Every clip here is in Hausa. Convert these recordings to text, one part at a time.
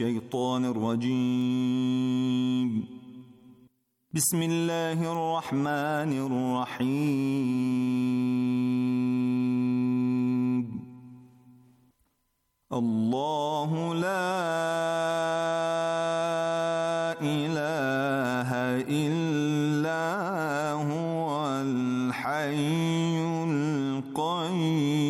الشيطان الرجيم بسم الله الرحمن الرحيم الله لا اله الا هو الحي القيوم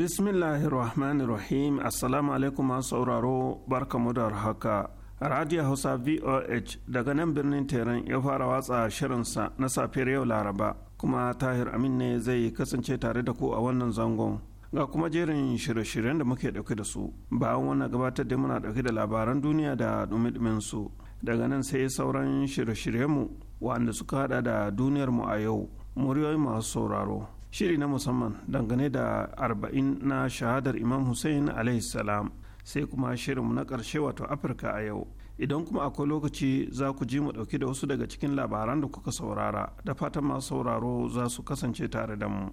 Bismillahirrahmanirrahim Assalamu alaikum masu sauraro barka, da haka. Radio Hausa VOH daga nan birnin Teran ya fara watsa shirinsa na safiyar yau Laraba kuma Tahir Amin ne zai kasance tare da ku a wannan zangon. Ga kuma jerin shirye-shiryen da muke dauke da su bayan wannan gabatar da muna dauke da labaran duniya da dumi su daga nan sai sauran shirye-shiryenmu waɗanda suka haɗa da duniyarmu a yau muryoyi masu sauraro shiri na musamman dangane da arba'in na shahadar imam hussein salam sai kuma shirinmu na ƙarshe wato afirka a yau idan kuma akwai lokaci za ku ji mu ɗauki da wasu daga cikin labaran da kuka saurara da fatan masu sauraro za su kasance tare da mu.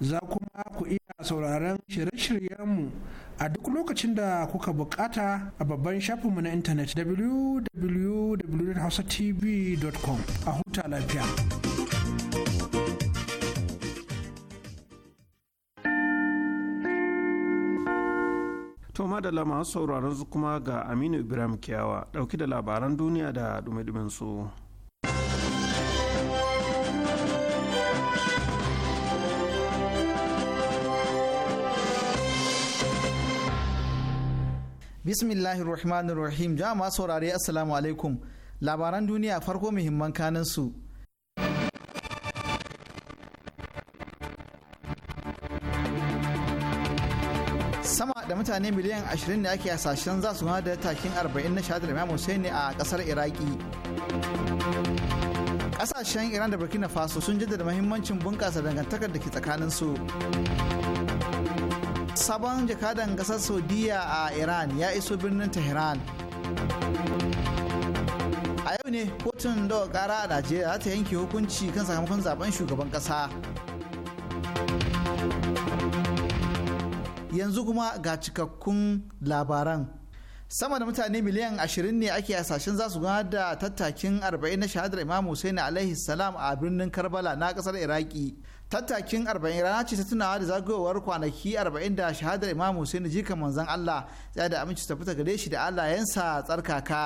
za kuma ku iya sauraron shirye-shiryenmu a duk lokacin da kuka bukata a babban shafinmu na intanet www.hausatv.com a huta lafiya. To madalla masu sauraron su kuma ga Aminu Ibrahim Kiyawa ɗauki da labaran duniya da dumi su. bismillahir rahmanir rahim jama'a saurare assalamu alaikum labaran duniya farko muhimman kanin su sama da mutane miliyan 20 da ake hasashen za su da takin 40 na shahadar imam Hussein a kasar iraki kasashen iran da burkina faso sun jaddada mahimmancin bunƙasa dangantakar da ke tsakanin su sabon jakadan kasar saudiya a iran ya iso birnin tehran a yau ne kotun daga kara a najeriya za ta yanke hukunci kan sakamakon zaben shugaban kasa yanzu kuma ga cikakkun labaran sama da mutane miliyan 20 ne ake hasashen za su gudanar da tattakin 40 na shahadar imam hussein alaihi salam a birnin karbala na kasar iraki tattakin 40 rana ce ta tunawa da zagayowar kwanaki 40 da shahadar imam hussein jika manzon allah ya da tafi ta fita gare shi da allah yansa tsarkaka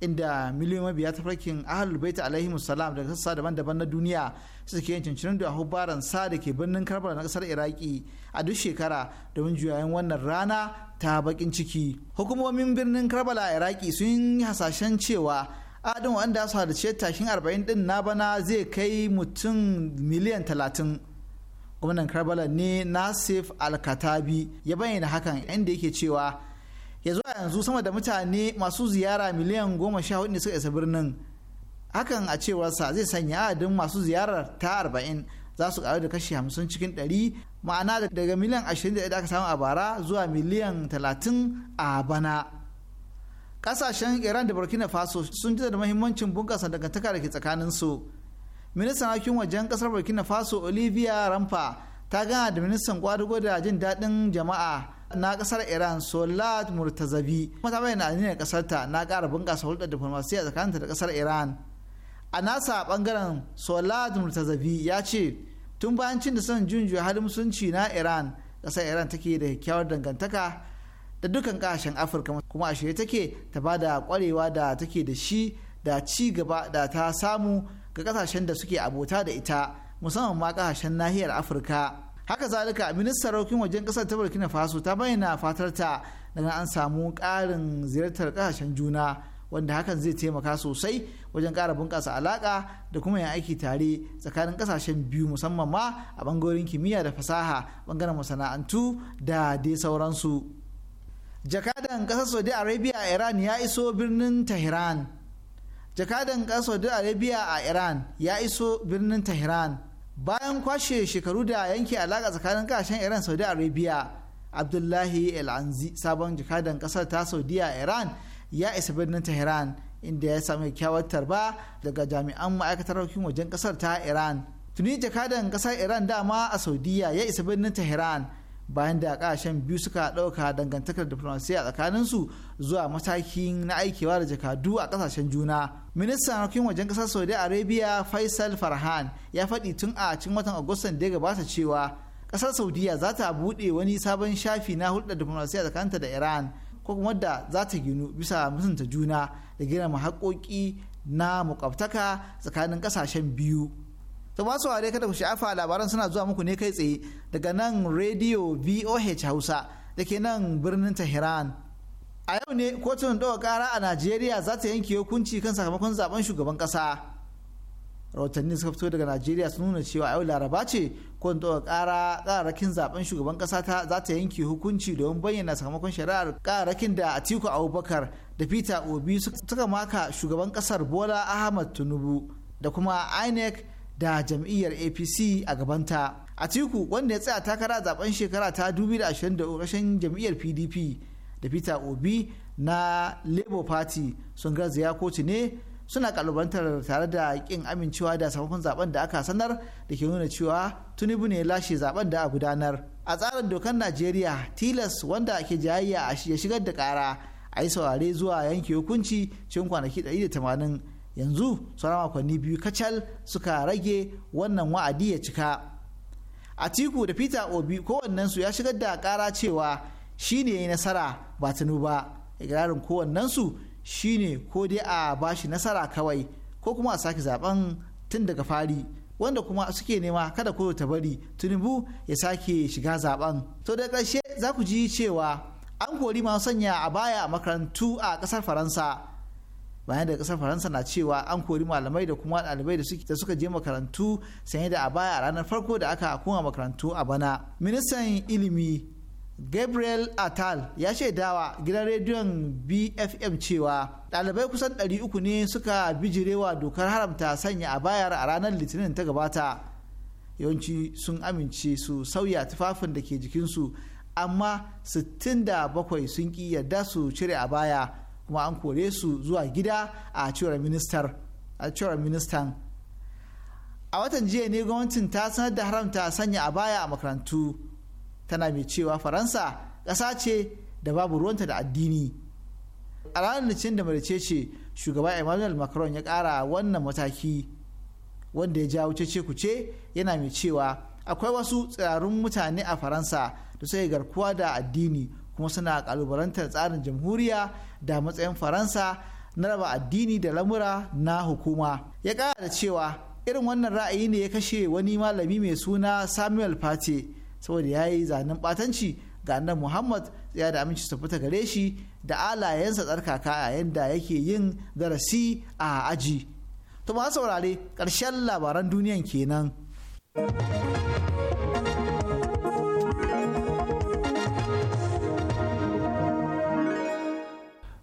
inda miliyoyin mabiya tafarkin ahlul baita alaihi musallam daga sassa daban-daban na duniya suke yin cincirin da baran sa da ke birnin karbala na kasar iraki a duk shekara domin juyayen wannan rana ta bakin ciki hukumomin birnin karbala a iraki sun yi hasashen cewa adin wanda su halarci tashin arba'in din na bana zai kai mutum miliyan talatin gwamnan karbala ne nasif alkatabi ya bayyana hakan inda yake cewa ya zuwa yanzu sama da mutane masu ziyara miliyan goma sha hudu ne suka isa birnin hakan a cewarsa zai sanya adadin masu ziyarar ta arba'in za su karu da kashi hamsin cikin ɗari ma'ana daga miliyan ashirin da aka samu a bara zuwa miliyan talatin a bana ƙasashen iran da burkina faso sun ji da mahimmancin bunƙasa dangantaka da ke tsakanin su ministan harkokin wajen kasar burkina faso olivia rampa ta gana da ministan kwadugo da jin daɗin jama'a na kasar iran solat murtazabi mata bayyana aniyar kasar ta na kara bunkasa hulɗar diflomasiyya tsakaninta da kasar iran a nasa bangaren solat murtazabi ya ce tun bayan cin da son junjuya halin musulunci na iran kasar iran take da kyakkyawar dangantaka da dukkan kasashen afirka kuma a shirye take ta ba da kwarewa da take da shi da ci gaba da ta samu ga kasashen da suke abota da ita musamman ma kasashen nahiyar afirka haka zalika ministan rokin wajen kasar ta burkina faso ta bayyana fatar ta daga an samu karin ziyartar kasashen juna wanda hakan zai taimaka sosai wajen kara bunƙasa alaƙa da kuma yin aiki tare tsakanin ƙasashen biyu musamman ma a bangarorin kimiyya da fasaha bangaren masana'antu da dai sauransu. Jakadan ƙasar Saudi Arabia a Iran ya iso birnin Tehran. Jakadan ƙasar Saudi Arabia a Iran ya iso birnin Tehran. bayan kwashe shekaru da yanke alaka tsakanin kashen iran saudi arabia abdullahi el-anzi sabon jakadan ƙasar ta saudiya iran ya isa birnin tehran inda ya sami kyakkyawar tarba daga jami'an ma'aikatar harkokin wajen ƙasar ta iran tuni jakadan ƙasar iran dama a saudiya ya isa birnin tehran bayan da kasashen biyu suka ɗauka dangantakar diplomasi a su zuwa matakin na aikewa da jakadu a kasashen juna. Ministan harkokin wajen ƙasar Saudi Arabia Faisal Farhan ya faɗi tun a cikin watan Agustan da ya gabata cewa ƙasar Saudiya za ta buɗe wani sabon shafi na hulɗar diplomasiya tsakaninta da Iran ko kuma da za ta ginu bisa mutunta juna da girmama haƙoƙi na muƙabtaka tsakanin ƙasashen biyu. To masu ware kada ku sha'afa labaran suna zuwa muku ne kai tsaye daga nan Radio VOH Hausa da ke nan birnin Tehran. A yau ne kotun ɗaukar ƙara a Najeriya za ta yanke hukunci kan sakamakon zaben shugaban ƙasa. Rahotanni suka fito daga Najeriya sun nuna cewa yau Laraba ce kotun ɗaga ƙara ƙararrakin zaben shugaban ƙasa ta za ta yanke hukunci domin bayyana sakamakon shari'ar ƙararrakin da Atiku Abubakar da Peter Obi suka maka shugaban ƙasar Bola Ahmad Tinubu da kuma INEC da jam'iyyar apc a gabanta atiku wanda ya tsaya takara zaben shekara ta 2023 rashin jam'iyyar pdp da peter obi na labour party sun garzaya kotu ne suna kalubantar tare da kin amincewa da sakamakon zaben da aka sanar da ke nuna cewa tinubu ne lashe zaben da a gudanar a tsarin dokar najeriya tilas wanda ke jayayya ya shigar da kara a yi saurare zuwa yanke hukunci cikin kwanaki 180 yanzu sauran makonni biyu kacal suka rage wannan wa'adi ya cika a tiku da peter obi kowannensu ya shigar da kara cewa shine ya yi nasara ba tunu ba ikirarin kowannensu shine ko dai a bashi nasara kawai ko kuma a sake zaben tun daga fari wanda kuma suke nema kada koyo ta bari tinubu ya sake shiga zaben to da karshe za ku ji cewa an kori masu sanya a baya a makarantu a kasar faransa bayan da kasar faransa na cewa an kori malamai da kuma ɗalibai da suka je makarantu sanye da abaya a ranar farko da aka kuma makarantu a bana ministan ilimi gabriel atal ya dawa gidan rediyon bfm cewa ɗalibai kusan 300 ne suka bijirewa dokar haramta sanya a bayar a ranar litinin ta gabata yawanci sun amince su sauya tufafin da ke jikinsu amma 67 sun ƙi yarda su cire a baya. kuma an kore su zuwa gida a cewar ministar a ministan a watan jiya ne gwamnatin ta sanar da haramta sanya a baya a makarantu tana mai cewa faransa ƙasa ce da babu ruwanta da addini a ranar litinin da marice ce shugaba emmanuel macron ya ƙara wannan mataki wanda ya jawo cece ce yana mai cewa akwai wasu tsirarun mutane a faransa da suka garkuwa da addini kuma suna kalubalantar tsarin jamhuriya da matsayin faransa na raba addini da lamura na hukuma ya kara da cewa irin wannan ra'ayi ne ya kashe wani malami mai suna samuel pate saboda ya yi zanen batanci ga annan muhammad ya da aminci su fita gare shi da alayensa tsarkaka yayin da yake yin darasi a aji to ma saurare ƙarshen labaran duniyan kenan.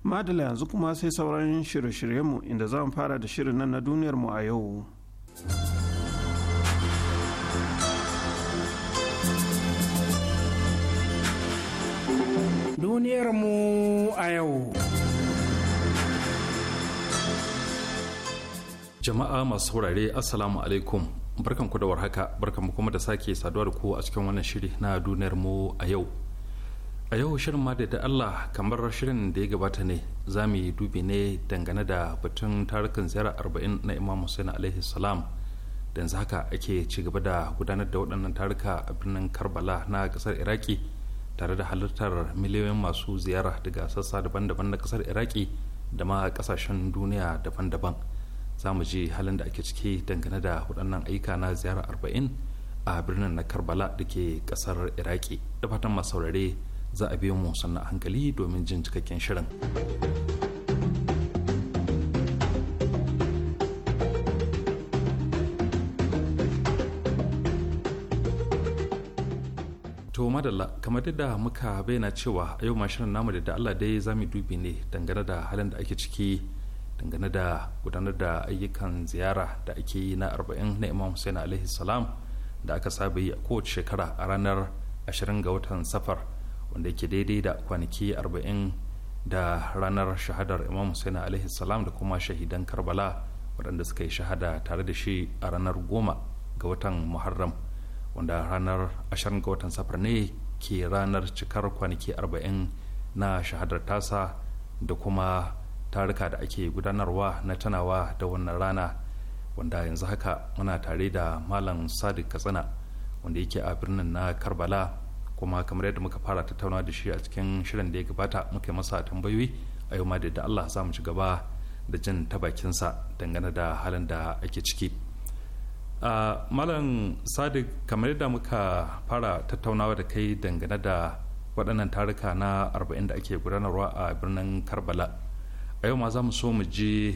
madala yanzu kuma sai sauran shirye-shiryenmu inda za mu fara da shirin nan na duniyarmu a yau duniyarmu a yau jama'a masu saurare assalamu alaikum barkanku da warhaka barkanku kuma da sake saduwa da ku a cikin wannan shiri na duniyarmu a yau a yau shirin ma da Allah kamar shirin da ya gabata ne za mu yi dubi ne dangane da batun tarukan ziyara arba'in na imam hussein alaihi salam da yanzu haka ake ci gaba da gudanar da waɗannan taruka a birnin karbala na ƙasar iraki tare da halartar miliyoyin masu ziyara daga sassa daban-daban na ƙasar iraki da ma ƙasashen duniya daban-daban za mu ji halin da ake ciki dangane da waɗannan ayyuka na ziyara arba'in a birnin na karbala da ke ƙasar iraki da fatan masu saurare za a biyo mu sannan hankali domin jin cikakken shirin. To madalla kamar da muka bayyana cewa a yau mashirin namu da Allah dai za mu dubi ne dangane da halin da ake ciki dangane da gudanar da ayyukan ziyara da ake yi na 40 na Imam Hussein alaihi salam da aka saba yi a kowace shekara a ranar 20 ga watan safar wanda yake daidai da kwanaki arba'in da ranar shahadar imam hussein alaihi salam da kuma shahidan karbala waɗanda suka yi shahada tare da shi a ranar goma ga watan muharram wanda ranar ashirin ga watan safar ne ke ranar cikar kwanaki arba'in na shahadar tasa da kuma tarika da ake gudanarwa na tanawa da wannan rana wanda yanzu haka muna tare da malam sadiq katsina wanda yake a birnin na karbala kuma kamar yadda muka fara tattaunawa da shi a cikin shirin da ya gabata muka masa tambayoyi a yau ma da yadda Allah za mu ci gaba da jin ta bakinsa dangane da halin da ake ciki a malam sadiq kamar yadda muka fara tattaunawa da kai dangane da waɗannan taruka na 40 da ake gudanarwa a birnin karbala a yau ma za mu so mu je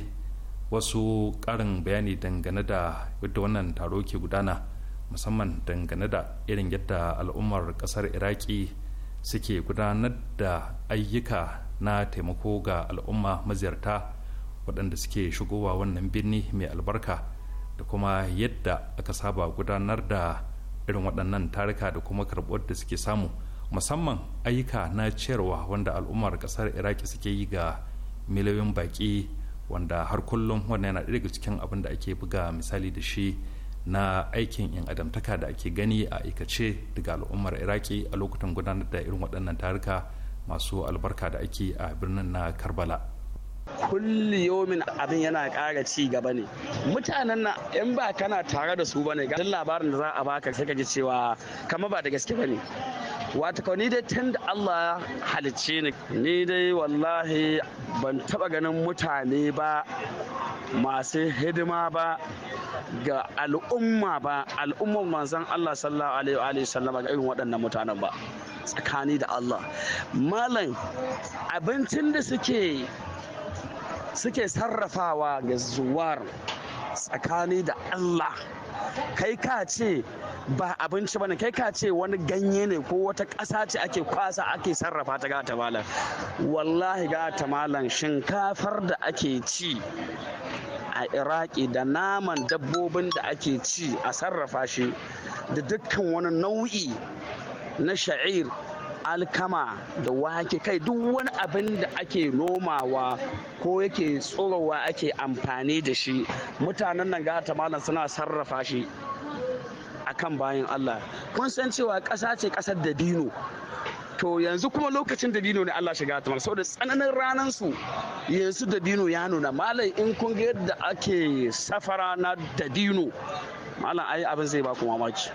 wasu ƙarin bayani dangane da yadda wannan taro ke gudana musamman dangane da irin yadda al'ummar kasar iraki suke gudanar da ayyuka na taimako ga al'umma maziyarta waɗanda suke shigowa wannan birni mai albarka da kuma yadda aka saba gudanar da irin waɗannan tarika da kuma karɓar da suke samu musamman ayyuka na ciyarwa wanda al'ummar ƙasar iraki suke yi ga miliyoyin baƙi wanda har kullum wannan yana ɗaya daga cikin abin da ake buga misali da shi na aikin yan adamtaka da ake gani a aikace daga al'ummar iraki a lokutan gudanar da irin waɗannan tarika masu albarka da ake a birnin na karbala kulli yomin abin yana ƙara ci gaba ne mutanen na in ba kana tare da su ba ne duk labarin da za a baka sai ka ji cewa kama ba da gaske ba ne wata kawai dai tun da Allah halicci ni ni dai wallahi ban taba ganin mutane ba masu hidima ba ga al'umma ba al'ummar manzon Allah sallallahu alaihi wa sallama ga irin waɗannan mutanen ba tsakani da Allah malam abincin da suke suke sarrafawa ga zuwar tsakani da Allah kai ka ce ba abinci bane kai ka ce wani ganye ne ko wata ƙasa ce ake kwasa ake sarrafa ta gata malam wallahi gata malam shinkafar da ake ci a iraki da naman dabbobin da ake ci a sarrafa shi da dukkan wani nau'i na sha'ir alkama da wake kai duk wani abin da ake nomawa ko yake tsorowa ake amfani da shi mutanen nan gata malam suna sarrafa shi A kan bayan Allah kun san cewa ƙasa ce ƙasar dabino to yanzu kuma lokacin dabino ne Allah shiga tamar saboda tsananin ranar su yanzu dabino ya nuna malam in kun yadda ake safara na dabino malam ai abin zai ba ku mamaki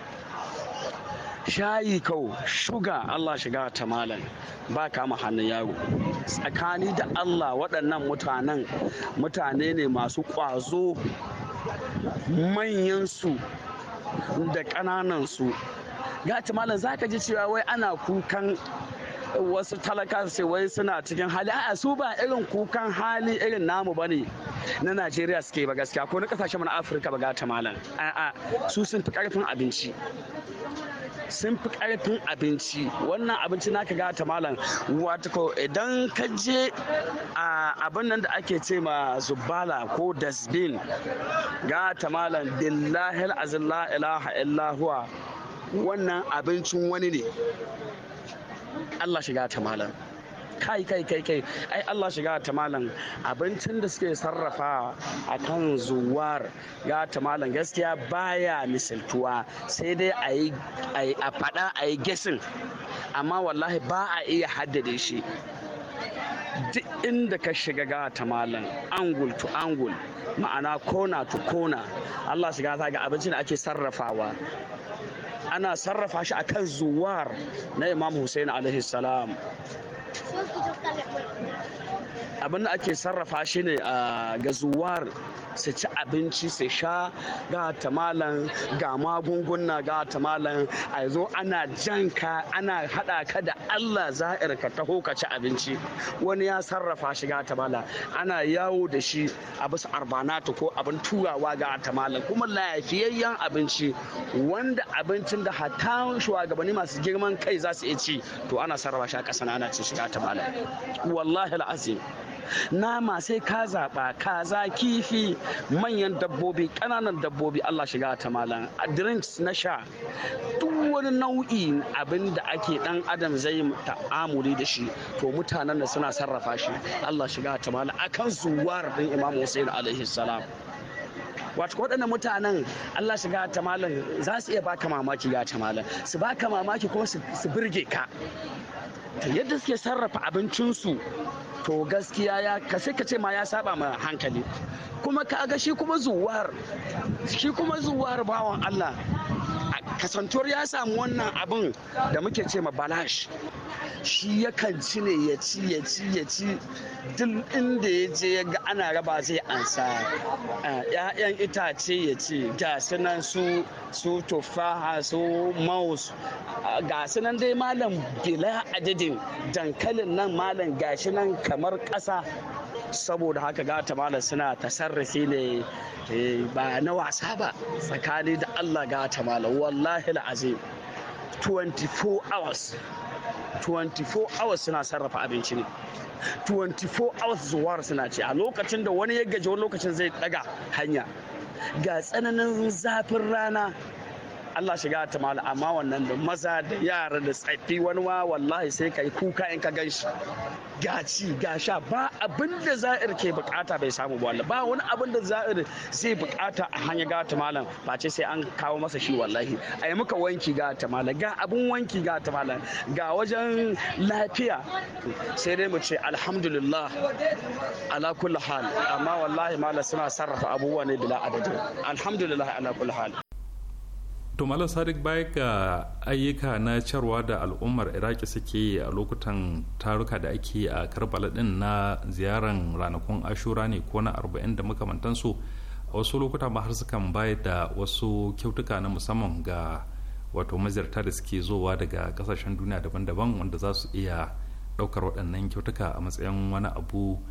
shayi kau shuga Allah shiga ta malam ba kama hannun yaro tsakani da Allah waɗannan mutanen mutane ne masu ƙwazo manyansu da ƙananansu gati malam zaka ji cewa wai ana kukan wasu talaka ce wai suna cikin hali a su ba irin kukan hali irin namu ba ne na najeriya suke ba gaskiya ko na kasashen na afirka ba gata malam a'a su sun fi karfin abinci sun fi karfin abinci wannan abinci naka gata malam wato idan ka je a abin nan da ake ce ma zubala ko dasbin gata malam billahi azillah ilaha illahuwa wannan abincin wani ne Allah shiga ta malam kai kai kai kai ai Allah shiga ta malam abincin da suke sarrafa a kan zuwar ga ta malam gaskiya baya misaltuwa sai dai a faɗa a yi gesin amma wallahi ba a iya haddade shi duk inda ka shiga ga ta malam angul to angul ma'ana kona to kona Allah shiga ta ga abincin da ake sarrafawa ana sarrafa shi akan zuwar na imam hussein salam abin da ake sarrafa shi ne a gazuwar su ci abinci su sha ga tamalan ga magunguna ga tamalan a zo ana janka ana hada ka da allah za'ir ka taho ka ci abinci wani ya sarrafa shi ga tamala ana yawo da shi a bisa arbanatu ko abin turawa ga tamalan kuma lafiyayyen abinci wanda abincin da hata shugabanni masu girman kai za su iya ci to ana sarrafa shi a ƙasa ana ci shi ga tamala wallahi al'azim nama sai ka zaɓa kaza kifi manyan dabbobi ƙananan dabbobi Allah shiga ta malam drinks na sha duk wani nau'i abin da ake dan adam zai ta'amuli da shi to mutanen da suna sarrafa shi Allah shiga ta malam akan zuwar din Imam Hussein alaihi salam wato waɗannan mutanen Allah shiga ta malam za su iya baka mamaki ya ta malam su baka mamaki kuma su birge ka to yadda suke sarrafa abincinsu to gaskiya ya ka sai ka ce ma ya saba ma hankali kuma ka ga shi kuma zuwar shi kuma zuwar bawan Allah kasantuwar ya samu wannan abin da muke ce ma balash shi yakan ci ne ya ci ya ci ya ci duk inda ya je ya ga ana raba zai ansa ya'yan itace ya ci ga nan su su tufaha su maus ga nan dai malam bila adadin dankalin nan malam gashi nan kamar ƙasa saboda haka gata malam suna tasarrufi ne eh, ba na wasa ba tsakani da Allah gata malam wallahi azim 24 hours 24 hours suna sarrafa abinci ne 24 hours zuwar suna ce a lokacin da wani ya gaji wani lokacin zai daga hanya ga tsananin zafin rana Allah shiga ta mala amma wannan da maza da yara da tsaifi wani wa wallahi sai ka yi kuka in ka gan shi gaci gasha ba abin da za'ir ke bukata bai samu ba ba wani abin da za'ir zai bukata a hanya ga ta malam ba ce sai an kawo masa shi wallahi yi muka wanki ga ta malam ga abin wanki ga ta malam ga wajen lafiya sai dai mu ce alhamdulillah ala kulli hal amma wallahi malam suna sarrafa abubuwa ne bila adadin alhamdulillah ala kulli hal to malam sadiq baya ga ayyuka na carwa da al'ummar iraki suke a lokutan taruka da ake a karbala din na ziyaran ranakun ashura ne ko na arba'in da makamantansu a wasu lokuta ba har sukan baya da wasu kyautuka na musamman ga wato maziyarta da suke zowa daga kasashen duniya daban-daban wanda za su iya ɗaukar waɗannan kyautuka a matsayin wani abu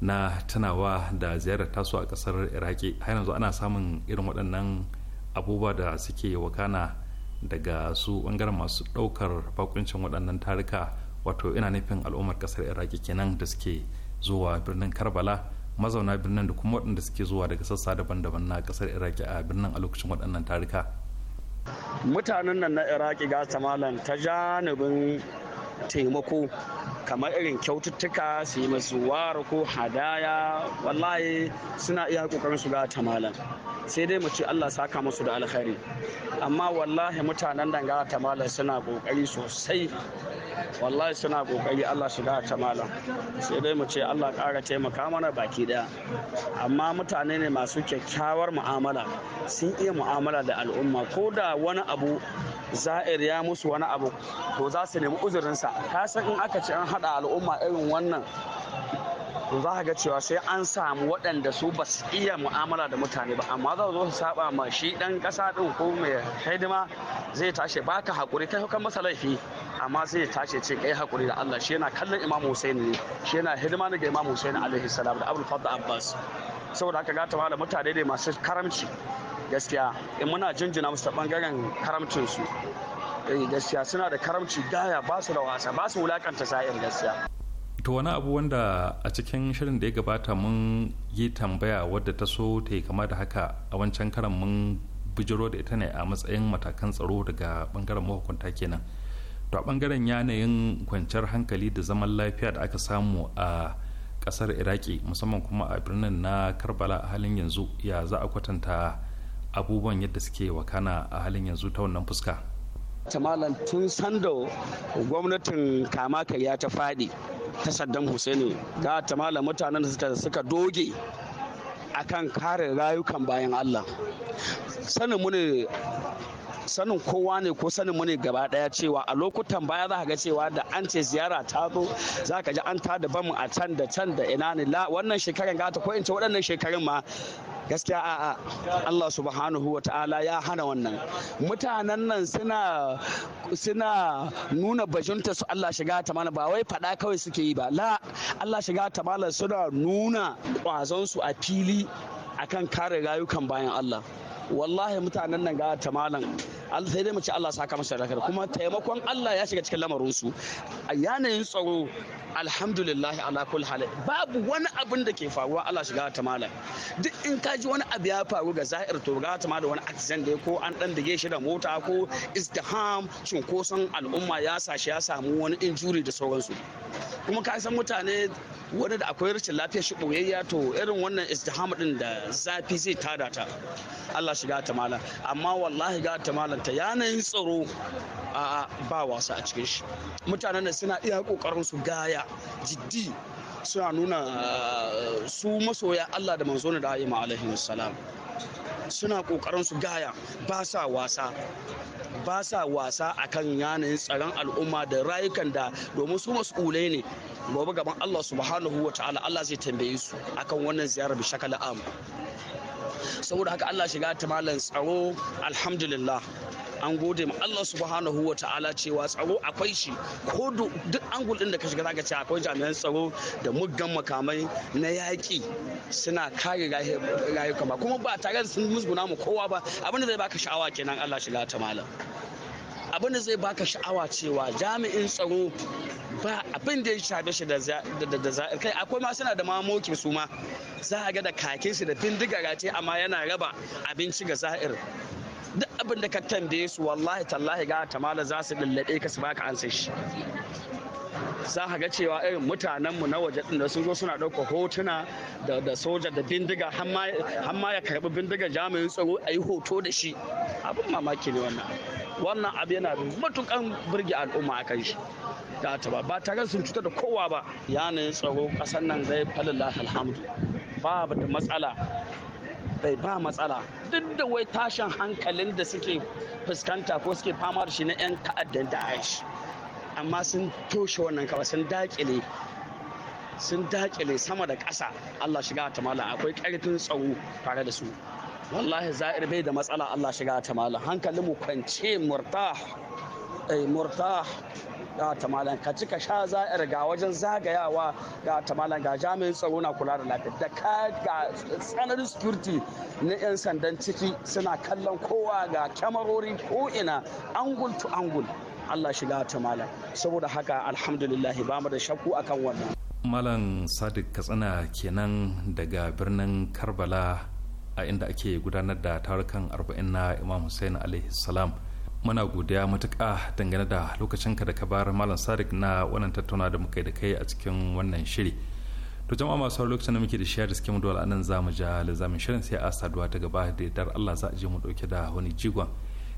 na tunawa da ziyarar tasu a ƙasar iraki har yanzu ana samun irin waɗannan abubuwa da suke wakana daga su bangaren masu ɗaukar bakuncin waɗannan tarika wato ina nufin al'ummar ƙasar iraki kenan da suke zuwa birnin karbala mazauna birnin da kuma waɗanda suke zuwa daga sassa daban-daban na ƙasar iraki a birnin a lokacin waɗannan tarika mutanen nan na iraki ga malam ta janubin taimako kamar irin kyaututtuka su yi masu wara ko hadaya wallahi suna iya kokarin su ga malam, sai dai mu ce Allah saka musu da alkhairi amma wallahi mutanen nan ta malam suna kokari sosai wallahi suna kokari Allah su ga malam, sai dai mu Allah kara taimaka mana baki daya amma mutane ne masu kyakkyawar mu'amala sun iya mu'amala da al'umma ko da wani abu za'ir ya musu wani abu to za su nemi uzurinsa ka san in aka ci an hada al'umma irin wannan to za ka ga cewa sai an samu waɗanda su ba su iya mu'amala da mutane ba amma za su zo su saba ma shi ɗan ƙasa ɗin ko mai hidima zai tashi baka hakuri kai kan masa laifi amma zai tashi ce kai hakuri da Allah shi yana kallon Imam Hussein ne shi yana hidima ne ga Imam Hussein alaihi salam da Abdul Fattah Abbas saboda haka ta da mutane ne masu karamci gaskiya in eh, muna jinjina musu ta bangaren karamcin eh, gaskiya suna da karamci gaya ba su da wasa ba su wulakanta sa'ir gaskiya to wani abu wanda a cikin shirin da ya gabata mun yi tambaya wadda ta so ta yi kama da haka a wancan karan mun bijiro da ita ne a matsayin matakan tsaro daga bangaren mahukunta kenan to a bangaren yanayin kwanciyar hankali da zaman lafiya da aka samu a kasar iraki musamman kuma a birnin na karbala a halin yanzu ya za a kwatanta abubuwan yadda suke wakana a halin yanzu ta wannan fuska tamalan tun sanda gwamnatin kama karya ta faɗi ta saddam husaini ga tamalan mutanen da suka doge akan kare rayukan bayan allah sanin mu ne sanin kowa ne ko sanin mu ne gaba daya cewa a lokutan baya za ga cewa da an ce ziyara ta zo za ka ji an ta da bamu a can da can da ina ne wannan shekaran gata ko in ce waɗannan shekarun ma gaskiya a'a Allah subhanahu wa ta'ala ya hana wannan mutanen nan suna suna nuna bajinta su Allah shiga ta mana ba wai faɗa kawai suke yi ba la Allah shiga ta suna nuna kwazon su a fili akan kare rayukan bayan Allah wallahi mutanen nan ga ta malam sai dai mu Allah saka masa kuma taimakon Allah ya shiga cikin lamarin su a yanayin tsaro alhamdulillah ala kul hal babu wani abin da ke faruwa Allah shiga ta malam duk in ka ji wani abu ya faru ga zahir to ga ta malam wani accident da ko an dan dige shi da mota ko izdiham cunkoson al'umma ya sashi ya samu wani injuri da sauransu kuma ka san mutane wani da akwai rashin lafiya shi boyayya to irin wannan izdiham din da zafi zai tada ta shiga ta malam amma wallahi gata malam ta yanayin tsaro a ba wasa a cikin shi mutanen da suna iya kokarin su gaya jiddi suna nuna ah, su masoya Allah da manzo da ayyuma alaihi wassalam suna kokarin su gaya ba sa wasa ba sa wasa akan yanayin tsaron al'umma da rayukan da domin su mas'ulai ne gobe gaban Allah subhanahu wa ta'ala Allah zai tambaye su akan wannan ziyarar shakala am saboda haka Allah shiga ta malam tsaro alhamdulillah an gode ma Allah subhanahu wa ta'ala cewa tsaro akwai shi ko duk angul din da ka shiga zaka ce akwai jami'an tsaro da muggan makamai na yaki suna kare rayuka ba kuma ba tare da sun musguna mu kowa ba abin da zai baka sha'awa kenan Allah shiga ta malam abin da zai baka sha'awa cewa jami'in tsaro ba abin da ya shafe shi da za'ir kai akwai ma suna da mamoki su ma za a ga da kakinsu su da bindigara ce amma yana raba abinci ga za'ir duk abin da ka tambaye su wallahi tallahi ga tamala za su lallabe ka su baka ansa shi za ka ga cewa irin mutanenmu na waje din da sun zo suna ɗauka hotuna da soja da bindiga har ma ya karɓi bindigar jami'in tsaro a yi hoto da shi abin mamaki ne wannan wannan abu yana matukan burge al'umma a kan shi da ta ba ba tare sun cutar da kowa ba yanayin tsaro kasar nan zai falalla alhamdu babu da matsala bai ba matsala duk da wai tashin hankalin da suke fuskanta ko suke fama da shi na 'yan ta'addan shi amma sun toshe wannan kawai sun dakile sun dakile sama da ƙasa Allah shiga ta akwai ƙarfin tsaro tare da su wallahi za'ir bai da matsala Allah shiga ta malam hankalin mu kwance murtah ai eh, murtah ga tamalan ka cika sha za'ir ga wajen zagayawa ga tamalan ga jami'in tsaro na kula da lafiya da ka ga tsananin security na 'yan sandan ciki suna kallon kowa ga kyamarori ko ina angul to angul Allah shiga ta malam saboda haka alhamdulillah ba mu da shakku akan wannan malam sadiq katsina kenan daga birnin karbala a inda ake gudanar da tarukan arba'in na imam hussein alaihi salam muna godiya matuka dangane da lokacinka da ka bar malam sadiq na wannan tattauna da muka da kai a cikin wannan shiri to jama'a masu lokacin da muke da shiyar da suke dole anan za mu ja lazamin shirin sai a saduwa ta gaba da dar allah za a je mu dauke da wani jigon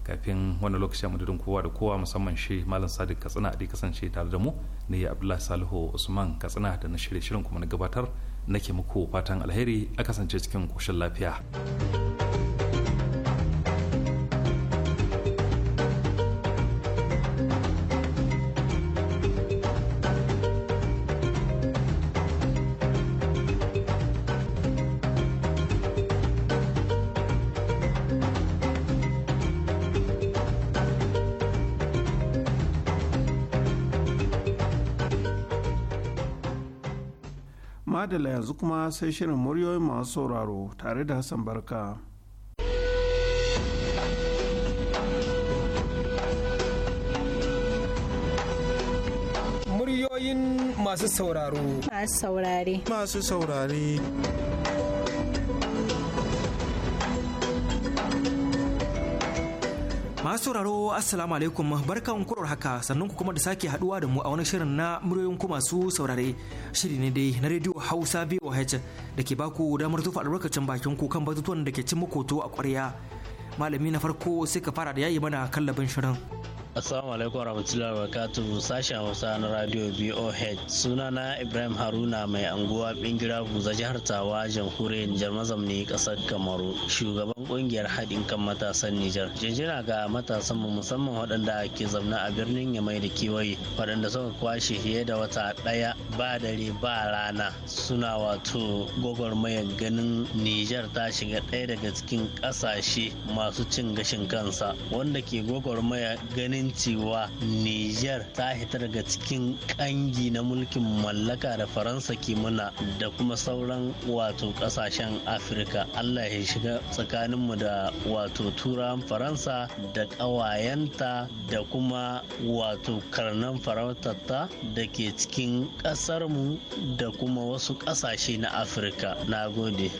kafin wani lokaci a madadin kowa da kowa musamman shi malam sadiq katsina a kasance tare da mu ne abdullahi salihu usman katsina da na shirye shirin kuma na gabatar nake muku fatan alheri a kasance cikin koshin lafiya. madalla yanzu kuma sai shirin muryoyin masu sauraro tare da hassan barka muryoyin masu sauraro masu saurare masu saurare Masu sauraro Assalamu alaikum barkan kurar haka sannan ku kuma da sake haduwa da mu a wani shirin na muryoyin ku masu saurare shiri ne dai na rediyo Hausa VOH da ke baku damar tufa albarkacin bakin ku kan batutuwan da ke cin makoto a kwarya Malami na farko sai ka fara da yayi mana kallabin shirin. Assalamu alaikum warahmatullahi wabarakatuh sashen Hausa na Radio BOH. Sunana Ibrahim Haruna mai anguwa bingira buza jihar Tawa jamhuriyar Nijar mazamni kasar Kamaru. Shugaban kungiyar haɗin kan matasan Nijar. Jinjina ga matasan mu musamman waɗanda ke zamna a birnin Yamai da kewaye waɗanda suka kwashe fiye da wata ɗaya ba dare ba rana suna wato gwagwarmayar ganin Nijar ta shiga ɗaya daga cikin ƙasashe masu cin gashin kansa wanda ke mai ganin ganin cewa Nijar ta hita daga cikin kangi na mulkin mallaka da Faransa ke muna da kuma sauran wato kasashen Afirka. Allah ya shiga tsakaninmu da wato turan Faransa da ƙawayenta da kuma wato karnan farautarta da ke cikin ƙasarmu da kuma wasu ƙasashe na Afirka. Na gode.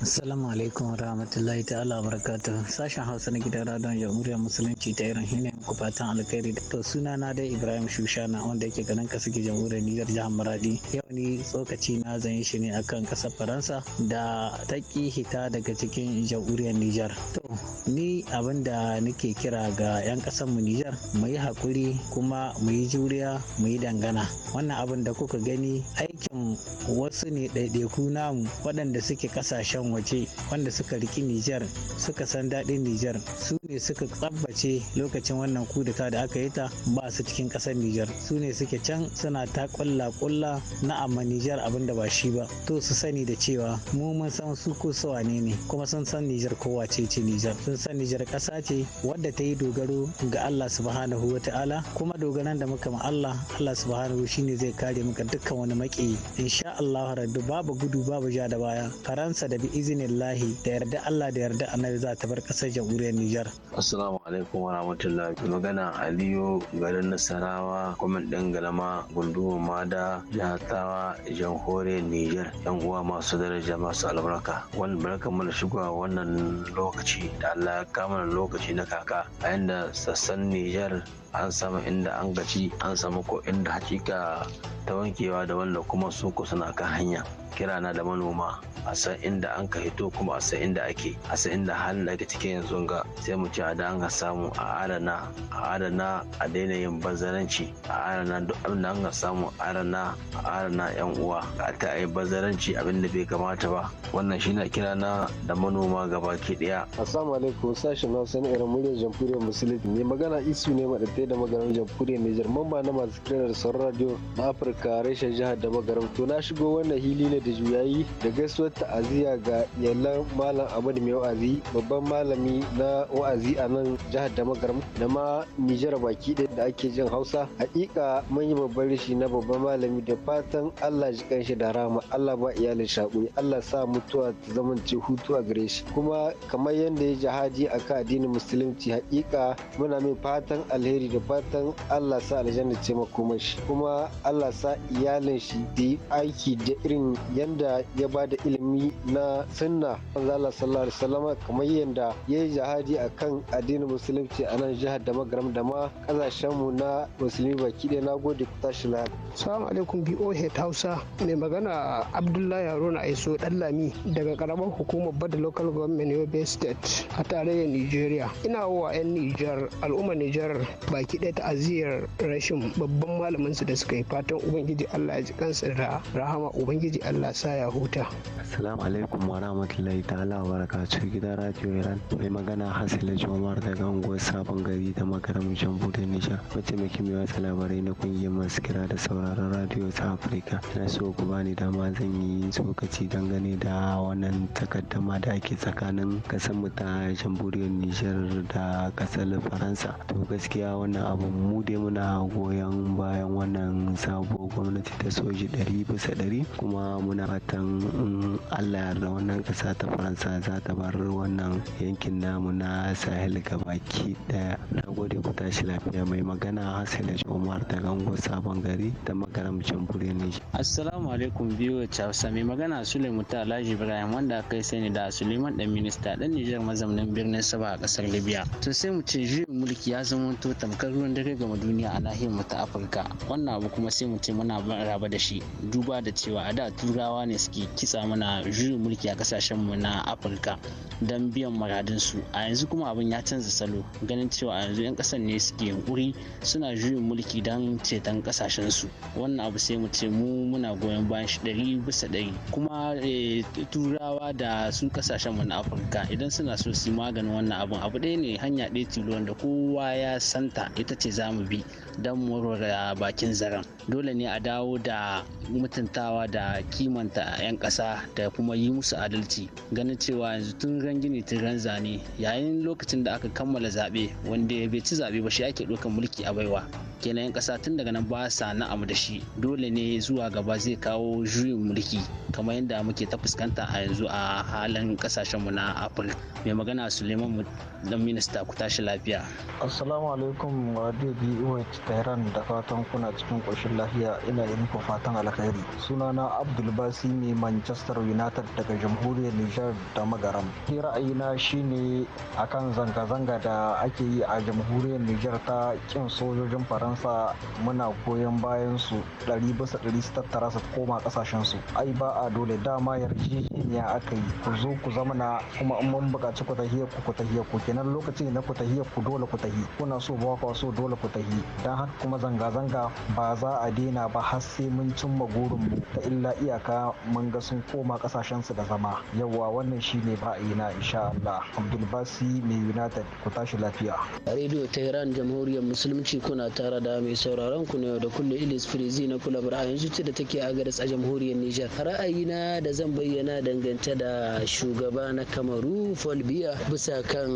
Assalamu alaikum rahmatullahi ta'ala barakatuh. Sashen Hausa na gidan radon jamhuriyar musulunci ta irin hinin muku fatan alkhairi. To suna na dai Ibrahim Shushana wanda yake ganin ka suke jamhuriyar Nijar jihar Maradi. Yau ni tsokaci na zan yi shi ne akan kasar Faransa da ta hita daga cikin jamhuriyar Nijar. To ni abin da nake kira ga 'yan ƙasar mu Nijar mu yi hakuri kuma mu yi juriya mu yi dangana. Wannan abin da kuka gani aikin wasu ne ɗaiɗaiku namu waɗanda suke ƙasashe kasashen waje wanda suka riki Nijar suka san daɗin Nijar su ne suka tsabbace lokacin wannan kudeta da aka yi ta ba su cikin ƙasar Nijar su ne suke can suna ta ƙulla ƙulla na amma Nijar abin da ba shi ba to su sani da cewa mu mun san su ko su wane ne kuma sun san Nijar kowa ce ce Nijar sun san Nijar ƙasa ce wadda ta yi dogaro ga Allah subhanahu wa ta'ala kuma dogaran da muka ma Allah Allah subhanahu shine zai kare muka dukkan wani maki insha Allah babu gudu babu ja da baya Faransa da bi lahi da yarda Allah da yarda annabi za ta bar kasar jamhuriyar Nijar. Assalamu alaikum wa rahmatullahi magana Aliyu garin Nasarawa kwamin ɗin galama gunduma mada jihar Tawa jamhuriyar Nijar yan uwa masu daraja masu albarka wani barkan mu da shigowa wannan lokaci da Allah ya kama lokaci na kaka a inda sassan Nijar an samu inda an gaci an samu ko inda hakika ta wankewa da wanda kuma su ku suna kan hanya kira na da manoma a san inda an ka hito kuma a san inda ake a san inda halin da ake cikin yanzu ga sai mu ci a da an ka samu a adana a adana a daina yin bazaranci a adana duk abin da an ka samu a adana a adana yan uwa a ta yi bazaranci abin da bai kamata ba wannan shi na kira na da manoma gaba ki daya assalamu alaikum sashi na na irin muryar jamhuriyar musulmi ne magana isu ne madaddai da maganar jamhuriyar nijar mamba na masu kiran sauran radio na afirka reshen jihar da magaram to na shigo wannan hili ne da juyayi da gaisuwar ta'aziyya ga yallan malam Amadu mai wa'azi babban malami na wa'azi a nan jihar Damagaram da ma Nijar baki ɗaya da ake jin Hausa. Haƙiƙa mun yi babban rishi na babban malami da fatan Allah ji kanshi da rama Allah ba iyalin shaƙuri Allah sa mutuwa ta zamance hutu a gare shi kuma kamar yadda ya jihadi a kan addinin musulunci hakika muna mai fatan alheri da fatan Allah sa aljanna ce makomashi kuma Allah sa iyalin shi da aiki da irin yanda ya ba da ilimi na sunna Allah sallallahu alaihi wasallam kamar yadda ya yi jihadi kan addinin musulunci a nan jihar da magaram da ma kasashen na musulmi baki ɗaya na gode ku tashi lafiya. salamu alaikum BOH Hausa mai magana Abdullahi Haruna Aiso lami daga karamar hukumar Bada Local Government Yobe State a tarayyar Nigeria. Ina wa 'yan Nijar al'ummar Nijar baki ɗaya ta'aziyar rashin babban malamin da suka yi fatan Ubangiji Allah ya ji kansa da rahama Ubangiji Allah Allah sa ya huta. Assalamu alaikum wa rahmatullahi ta'ala wa barakatuh gidan Radio Iran. Mai magana Hasila Jomar daga unguwar Sabon Gari da Makaram Jambutan Nishar. Mataimakin mai wasu labarai na kungiyar masu kira da sauraron radio ta Afirka. Na so ku bani dama zan yi tsokaci dangane da wannan takaddama da ake tsakanin kasar mu ta Jamhuriyar Nijar da kasar Faransa. To gaskiya wannan abu mu dai muna goyon bayan wannan sabuwar gwamnati ta soji ɗari bisa ɗari kuma muna fatan in allah yarda wannan kasa ta faransa za ta bar wannan yankin namu na sahel gabaki daya na gode ku tashi lafiya mai magana hassan da umar da gango sabon gari da makaramcin burini assalamu alaikum biyu chausa mai magana Sule muta alhaji ibrahim wanda aka yi sani da suleiman dan minista dan nijar mazaunin birnin saba a kasar libya to sai mu ce juyin mulki ya zama to tamkar ruwan dare ga duniya a nahiyar mu ta afirka wannan abu kuma sai mu ce muna raba da shi duba da cewa a da tura turawa ne suke kitsa mana juyin mulki a kasashenmu na afirka don biyan su a yanzu kuma abin ya canza salo ganin cewa a yanzu 'yan kasan ne suke yunkuri suna juyin mulki don ceton kasashensu wannan abu sai mu ce mu muna goyon bayan shi ɗari bisa ɗari kuma eh, turawa da su kasashenmu na afirka idan suna so su maganin wannan abin abu ɗaya ne hanya ɗaya tilo wanda kowa ya santa ita ce za mu bi don warware bakin zaren dole ne a dawo da mutuntawa da kimanta 'yan ƙasa da kuma yi musu adalci ganin cewa yanzu tun ran gini tun ran zane yayin lokacin da aka kammala zaɓe wanda bai ci zaɓe ba shi ake ɗaukar mulki a baiwa kenan 'yan kasa tun daga nan ba sa na'am da shi dole ne zuwa gaba zai kawo juyin mulki kamar yadda muke ta fuskanta a yanzu a halin mu na afirka mai magana suleiman dan minista ku tashi lafiya assalamu alaikum radio bih tehran da fatan kuna cikin ƙoshin lafiya ina yi muku fatan alkhairi sunana abdul basi ne manchester united daga jamhuriyar nijar da magaram shi ra'ayina shine akan zanga-zanga da ake yi a jamhuriyar nijar ta kin sojojin faransa muna goyon bayan su ɗari bisa ɗari su tattara su koma ƙasashen su ai ba a dole dama yarjejeniya aka yi ku zo ku zamana kuma in mun buƙaci ku tahiyar ku ku tahiyar ku kenan lokaci na ku tahiyar ku dole ku tahi kuna so ba ku so dole ku tahi idan haka kuma zanga-zanga ba za a daina ba har sai mun cimma mu ta illa iyaka mun ga sun koma kasashen su da zama yawwa wannan shine ba a yi na insha Allah Abdulbasi mai United ku tashi lafiya Radio Tehran Jamhuriyar Musulunci kuna tara da mai sauraron ku ne da kullu Ilis Frizi na kula yanzu zuci da take a garis a Jamhuriyar Nijar ra'ayina da zan bayyana dangance da shugaba na Kamaru Folbiya bisa kan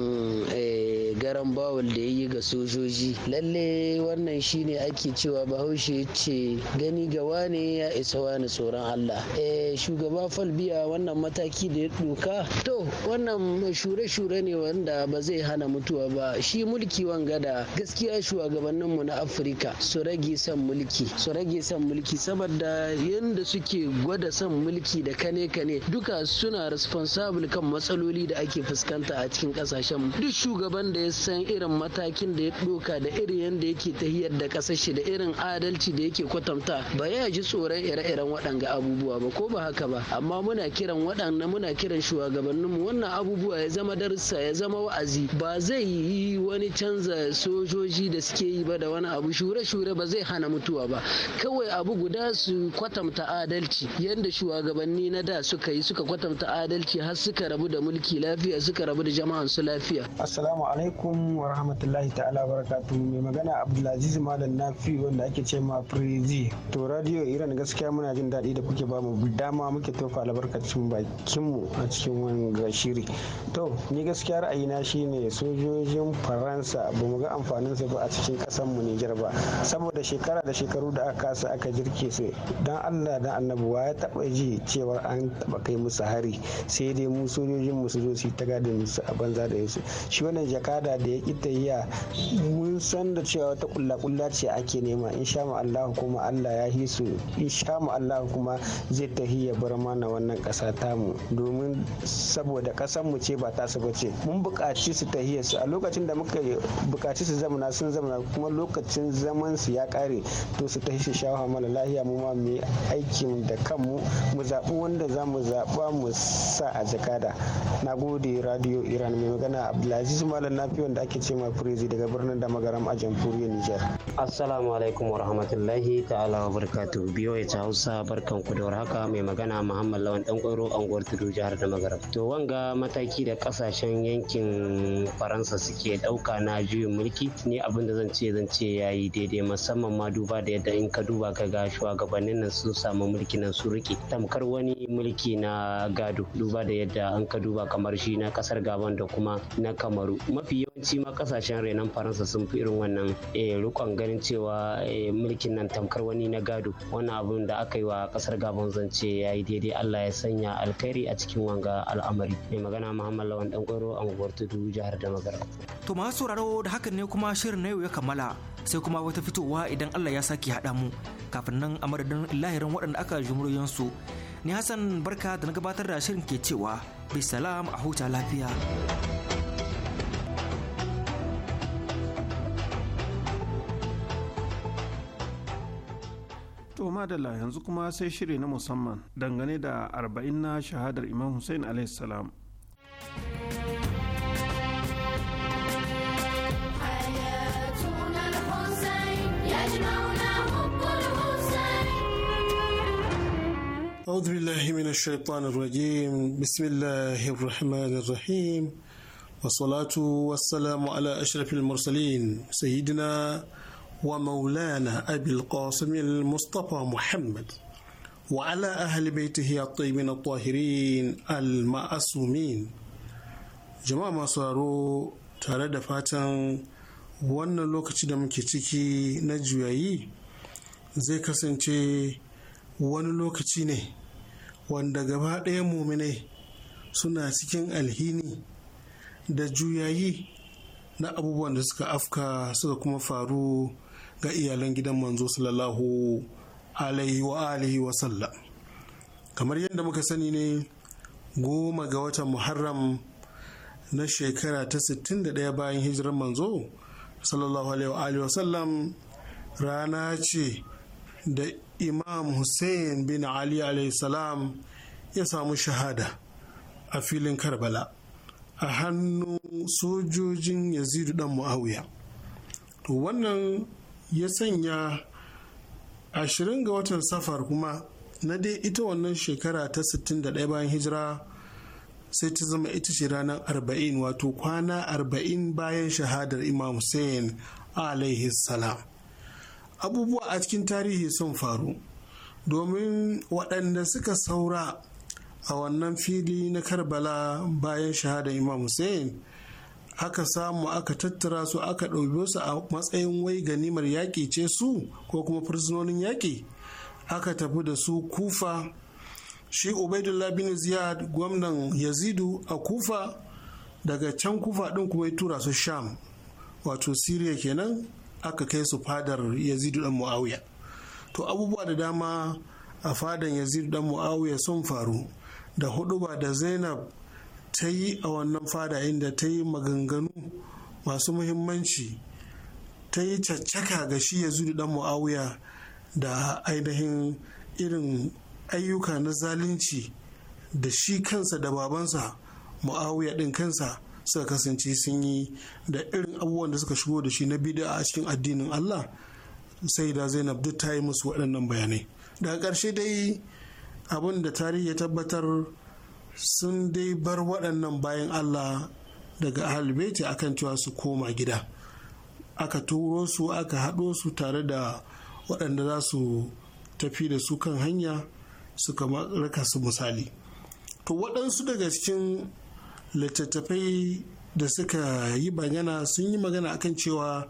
eh, garan bawul da yayi ga sojoji lalle wannan wannan shine ake cewa bahaushe ce gani ga wane ya isa wani tsoron allah eh shugaba falbiya wannan mataki da ya doka to wannan shure-shure ne wanda ba zai hana mutuwa ba shi mulki wanga da gaskiya shugabanninmu na afirka su rage son mulki su rage son mulki saboda yadda suke gwada son mulki da kane-kane duka suna responsible kan matsaloli da ake fuskanta a cikin kasashen duk shugaban da ya san irin matakin da ya doka da irin yadda yake ta tahiyar da kasar shi da irin adalci da yake kwatanta ba ya ji tsoron ire-iren waɗanga abubuwa ba ko ba haka ba amma muna kiran waɗannan muna kiran shugabanninmu wannan abubuwa ya zama darussa ya zama wa'azi ba zai yi wani canza sojoji da suke yi ba da wani abu shure-shure ba zai hana mutuwa ba kawai abu guda su kwatanta adalci yadda shugabanni na da suka yi suka kwatanta adalci har suka rabu da mulki lafiya suka rabu da jama'an su lafiya assalamu alaikum wa rahmatullahi ta'ala barakatuhu mai magana Abdullahi. aziz malam fi wanda ake ce ma prezi to radio iran gaskiya muna jin daɗi da kuke ba mu dama muke tofa albarkacin bakin mu a cikin wani shiri to ni gaskiya ra'ayina shine sojojin faransa ba mu ga amfanin su ba a cikin ƙasar mu nijar ba saboda shekara da shekaru da aka kasa aka jirke su dan allah dan annabuwa ya taba ji cewa an taba kai musu hari sai dai mu sojojin mu su zo su ta gadin su a banza da yasu shi wannan jakada da ya kitayya tayya mun san da cewa ta kulla Allah kulla ce ake nema sha mu Allah kuma Allah ya in sha mu Allah kuma zai tahi ya bar mana wannan kasa tamu domin saboda kasan mu ce ba ta su bace mun buƙaci su tahiya su a lokacin da muka buƙaci su zamana sun zamana kuma lokacin zaman su ya kare to su tahi su sha mana lahiya mu ma mu aikin da kanmu mu zaɓi wanda zamu mu zaɓa mu sa a jakada na gode radio iran mai magana abdulaziz malam nafi wanda ake ce ma daga birnin da magaram a jamhuriyar nijar Assalamu alaikum wa rahmatullahi ta'ala wa barkatu biyo ya ta hausa barkan ku da haka mai magana Muhammad Lawan dan kwaro anguwar tudu jihar da magarab. To wanga mataki da kasashen yankin Faransa suke dauka na juyin mulki Ni abin da zan ce zan ce yayi daidai musamman ma duba da yadda in ka duba ka ga shugabannin nan sun samu mulki nan su rike tamkar wani mulki na gado duba da yadda an ka duba kamar shi na kasar Gabon da kuma na Kamaru. Mafi yawanci ma kasashen renon faransa sun fi irin wannan eh, rikon ganin cewa eh, mulkin nan tamkar wani na gado wannan abun da aka yi wa kasar gabon zance ya yi daidai allah ya sanya alkhairi a cikin wanga al'amari mai magana muhammad lawan dan kwaro anguwar tudu jihar da magara to masu sauraro da hakan ne kuma shirin na yau ya kammala sai kuma wata fitowa idan allah ya sake haɗa mu kafin nan a madadin lahirin waɗanda aka su ni hassan barka da na gabatar da shirin ke cewa bisalam a huta lafiya To madalla yanzu kuma sai shiri na musamman dangane da arba'in na shahadar Imam Hussein salam. أعوذ بالله من الشيطان الرجيم بسم الله الرحمن الرحيم والصلاة والسلام على أشرف المرسلين سيدنا Mustapha أبي القاسم المصطفى محمد وعلى hiya بيته الطيبين al-Ma'asumin. jama'a masu haro tare da fatan wannan lokaci da muke ciki na juyayi zai kasance wani lokaci ne wanda gaba ɗaya muminai suna cikin alhini da juyayi na abubuwan da suka afka suka kuma faru ga iyalan gidan manzo sallallahu alaihi wa alihi wa sallam kamar yadda muka sani ne goma ga watan muharram na shekara ta 61 bayan hijirar manzo sallallahu alaihi wa sallam rana ce da imam hussein bin ali alaihi salam ya samu shahada a filin karbala a hannun sojojin yazidu dan muawiya to wannan ya sanya 20 ga watan safar kuma na dai ita wannan shekara ta 61 bayan hijira sai ta zama ita ce ranar arba'in wato kwana arba'in bayan shahadar imam hussein alaihi salam abubuwa a cikin tarihi sun faru domin waɗanda suka saura a wannan fili na karbala bayan shahadar imam hussein aka samu aka tattara su aka ɗaube su a matsayin wai ganimar yaƙi ce su ko kuma fursunonin yaƙi aka tafi da su kufa shi ubaidullah bin ziyad gwamnan yazidu a kufa daga can kufa ɗin kuma ya tura su sham wato siriya kenan aka kai su fadar yazidu ɗan muawiya to abubuwa da dama a fadar yazidu ɗan muawiya sun faru da huduba da zainab ta yi a wannan fada inda ta yi maganganu masu muhimmanci ta yi caccaka ga shi ya zuri dan mu'awiya da ainihin irin ayyuka na zalunci da shi kansa da babansa mu'awiya din kansa suka kasance sun yi da irin abubuwan da suka shigo da shi na bida a cikin addinin Allah sai da Zainab duk ta yi musu waɗannan bayanai daga ƙarshe dai abin da tarihi ya tabbatar sun dai bar waɗannan bayan allah daga ahalbeti akan cewa su koma gida aka turo su aka haɗo su tare da waɗanda za su tafi da su kan hanya suka raka su misali to waɗansu daga cikin littattafai da suka yi bayyana sun yi magana akan cewa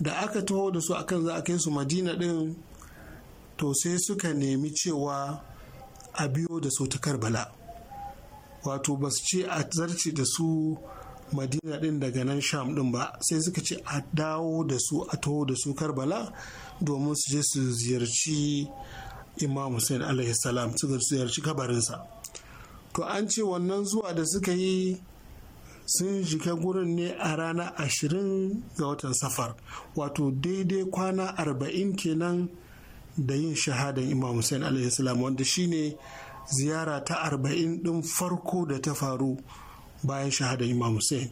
da aka taho da su akan za a kai su madina ɗin to sai suka nemi cewa a biyo da su ta karbala wato ba su ce a zarce da su madina din daga nan sham din ba sai suka ce a dawo da su a taho da su karbala domin su je su ziyarci imam hussein alaihi salam suka ziyarci kabarinsa to an ce wannan zuwa da suka yi sun jika gurin ne a rana ashirin ga watan safar wato daidai kwana arba'in kenan da yin shahadan imam hussein alaihi salam wanda shine ne ziyara ta arba'in ɗin farko da ta faru bayan shahada imam hussein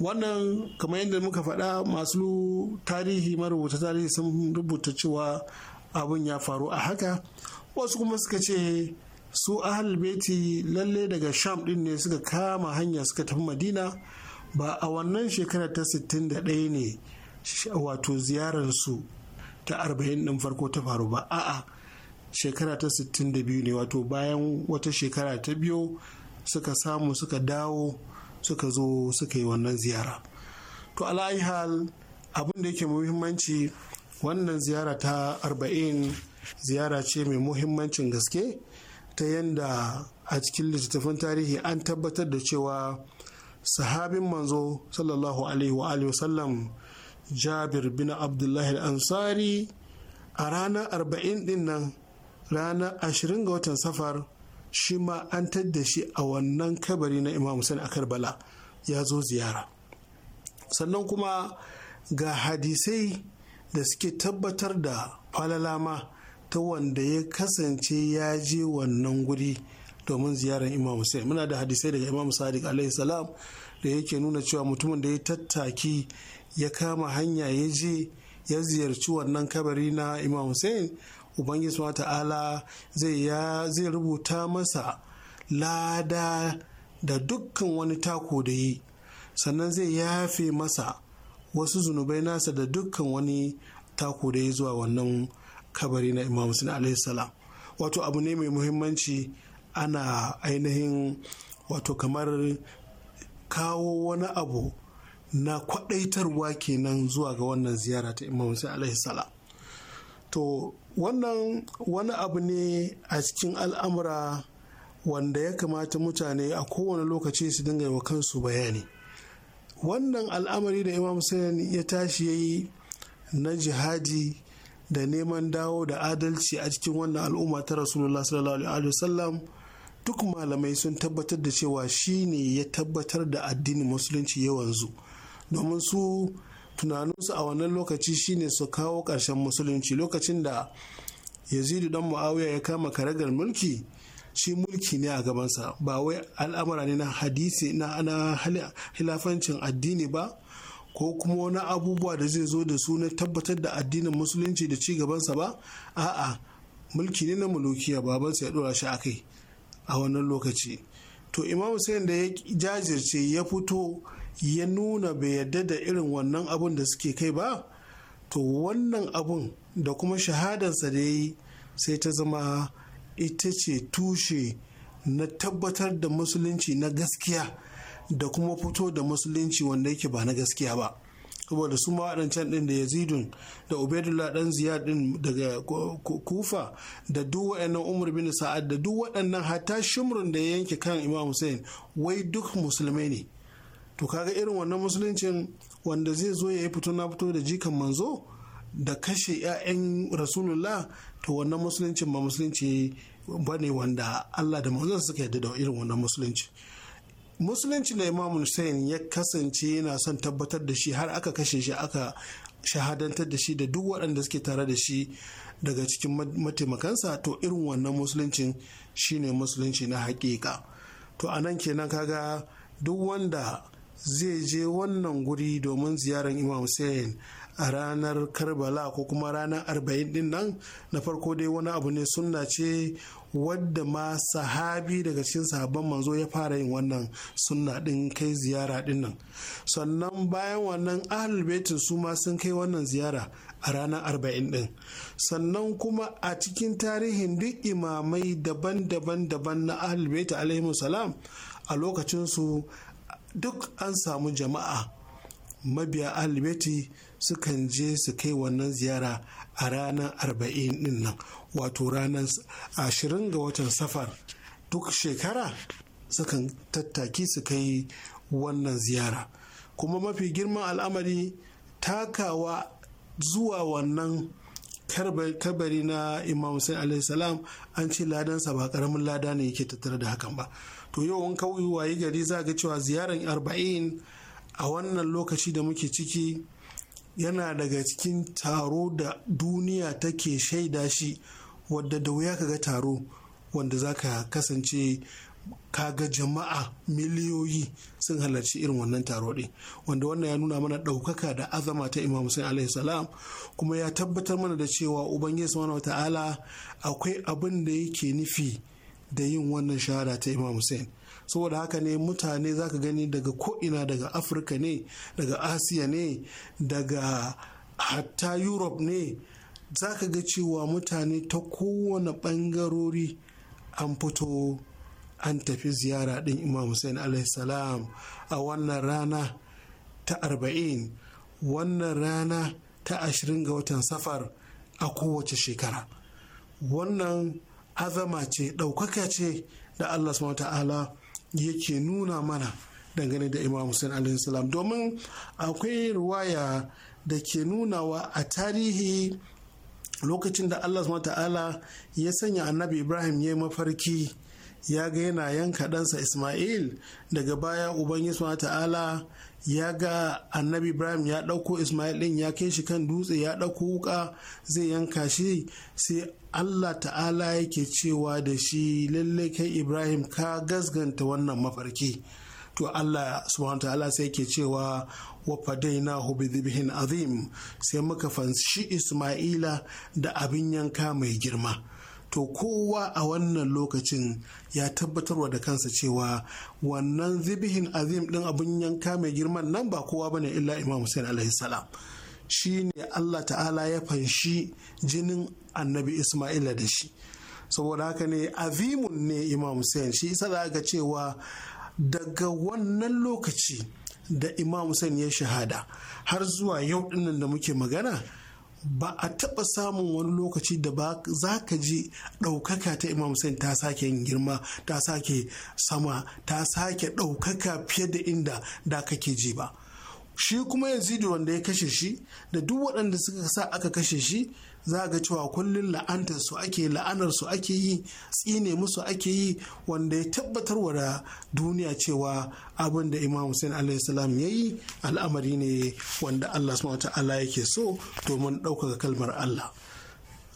wannan kamar yadda muka faɗa masu tarihi marubuta tarihi sun rubuta cewa abin ya faru a haka wasu kuma suka ce su ahal beti lalle daga sham ɗin ne suka kama hanya suka tafi madina ba a wannan shekarar ta 61 ne wato ziyararsu ta arba'in ɗin farko ta faru ba a'a shekara ta 62 ne wato bayan wata shekara ta biyu suka samu suka dawo suka zo suka yi wannan ziyara to hal abin da yake muhimmanci wannan ziyara ta 40 ziyara ce mai muhimmancin gaske ta yadda a cikin littattafan tarihi an tabbatar da cewa sahabin manzo sallallahu alaihi wa sallam jabir bin abdullahi al-ansari a ranar arba'in din nan ranar 20 ga watan safar shi ma an tadda shi a wannan kabari na imam Hussein a Karbala ya zo ziyara sannan kuma ga hadisai da suke tabbatar da falalama ta wanda ya kasance ya je wannan guri domin ziyarar imam Hussein muna da hadisai daga imam sadiq alaihi salam da yake nuna cewa mutumin da ya tattaki ya kama hanya ya je ya ziyarci wannan kabari na imam Hussein ubangiji wa ta'ala zai rubuta masa lada da dukkan wani tako da yi sannan zai yafe masa wasu zunubai nasa da dukkan wani tako da yi zuwa wannan kabari na imam musulun alaihi wato abu ne mai muhimmanci ana ainihin wato kamar kawo wani abu na kwadaitarwa kenan zuwa ga wannan ziyara ta imam musulun alaihi to wannan wani abu ne a cikin al'amura wanda ya kamata mutane a kowane lokaci su dinga wa kansu bayani wannan al'amari da imam Hussein ya tashi ya yi na jihadi da neman dawo da adalci a cikin wannan al'umma ta rasulullah sallallahu alaihi wasallam duk malamai sun tabbatar da cewa shi ne ya tabbatar da addinin musulunci yawanzu, domin su tunaninsu a wannan lokaci shine su kawo ƙarshen musulunci lokacin da yazidu dan muawiya ya kama karagar mulki shi mulki ne a gabansa ba wai al'amura ne na hadisi na hilafancin addini ba ko kuma wani abubuwa da zai zo da su na tabbatar da addinin musulunci da ci gabansa ba a'a mulki ne na mulukiya babansa ya dora shi a kai a wannan lokaci to imam hussein da ya jajirce ya fito ya nuna bai yadda da irin wannan abun da suke kai ba to wannan abun da kuma shahadarsa da ya yi sai ta zama ita ce tushe na tabbatar da musulunci na gaskiya da kuma fito da musulunci wanda yake ba na gaskiya ba saboda su waɗancan ɗin da yazidun da ubaidullah ɗan ziyad ɗin daga kufa da duk waɗannan umar bin sa'ad da duk waɗannan hatta shimrun da ya yanke kan imam hussein wai duk musulmai ne to kaga irin wannan musuluncin wanda zai zo ya yi fito na fito da jikan manzo da kashe 'ya'yan rasulullah to wannan musuluncin ba musulunci ba ne wanda allah da manzo suka yarda da irin wannan musulunci musulunci na imam hussein ya kasance yana son tabbatar da shi har aka kashe shi aka shahadantar da shi da duk waɗanda suke tare da shi daga cikin mataimakansa to irin wannan musuluncin shine musulunci na haƙiƙa to anan kenan kaga duk wanda zai je wannan guri domin ziyarar imam hussein a ranar karbala ko kuma ranar arba'in din nan na farko dai wani abu ne sunna ce wadda ma sahabi daga cikin sahabban manzo ya fara yin wannan sunna din kai ziyara din nan sannan bayan wannan ahlul su ma sun kai wannan ziyara a ranar arba'in din sannan kuma a cikin tarihin duk imamai daban-daban daban na ahlul baiti alaihi salam a lokacinsu duk an samu jama'a mabiya alibeti sukan je su kai wannan ziyara a ranar arba'in din nan wato ranar ashirin ga watan safar duk shekara sukan tattaki su kai wannan ziyara kuma mafi girman al'amari takawa zuwa wannan kabari na imam hussein alaihi salam an ce ladansa ba karamin lada ne yake tattare da hakan ba to yau kawai waye gari za ga cewa ziyarar arba'in a wannan lokaci da muke ciki yana daga cikin taro da duniya take shaida shi wadda da wuya ga taro wanda za ka kasance kaga jama'a miliyoyi sun halarci irin wannan taro ɗin wanda wannan ya nuna mana ɗaukaka da azama ta imam Hussein alaihi salam kuma ya tabbatar mana da cewa ubangiji subhanahu wa ta'ala akwai abin da yake nufi da yin wannan shahada ta imam hussein saboda haka ne mutane za ka gani daga ko'ina daga afirka ne daga asiya ne daga hatta europe ne za ka ga cewa mutane ta kowane bangarori an fito an tafi ziyara din imam hussein salam a wannan rana ta arba'in wannan rana ta ashirin ga watan safar a kowace shekara wannan azama ce ɗaukaka ce da Allah subhanahu ta'ala yake nuna mana dangane da Imam Hussein alaihi salam domin akwai ruwaya da ke nunawa a tarihi lokacin da Allah subhanahu ta'ala ya sanya annabi Ibrahim ya yi mafarki ya ga yana yanka ɗansa Ismail daga baya Uban Ubangiji ta'ala ya ga annabi Ibrahim ya ɗauko Ismail ɗin ya kai shi kan dutse ya ɗauko wuka zai yanka shi sai Allah ta'ala yake cewa da shi lalle kai Ibrahim ka gasganta wannan mafarki. to Allah subhanahu ta'ala sai yake cewa wa fadaina bi dhibhin azim sai muka fanshi Isma'ila da abin yanka mai girma to kowa a wannan lokacin ya tabbatarwa da kansa cewa wannan zibihin azim din abin yanka mai girman nan ba kowa ba ne illa imam hussein alaihi salam shi ne allah ta'ala ya fanshi jinin annabi isma'ila da shi saboda haka ne azimun ne imam hussein shi isa da aka cewa daga wannan lokaci da imam hussein ya shahada har zuwa yau dinnan da muke magana ba a taɓa samun wani lokaci da ba za ka ji ɗaukaka ta imam Hussein ta sake yin girma ta sake sama ta sake ɗaukaka fiye da inda da kake ji ba. shi kuma yazidu wanda ya kashe shi da duk waɗanda suka sa aka kashe shi za ga cewa kullum la'antar su ake la'anar su ake yi tsine musu ake yi wanda ya tabbatar wa duniya cewa abin da imam hussein alayhi salam ya yi al'amari ne wanda allah subhanahu ta'ala yake so domin ɗaukaka kalmar allah